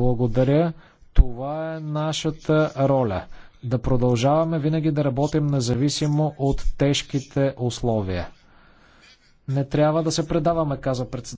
Благодаря. Това е нашата роля. Да продължаваме винаги да работим независимо от тежките условия. Не трябва да се предаваме, каза председател.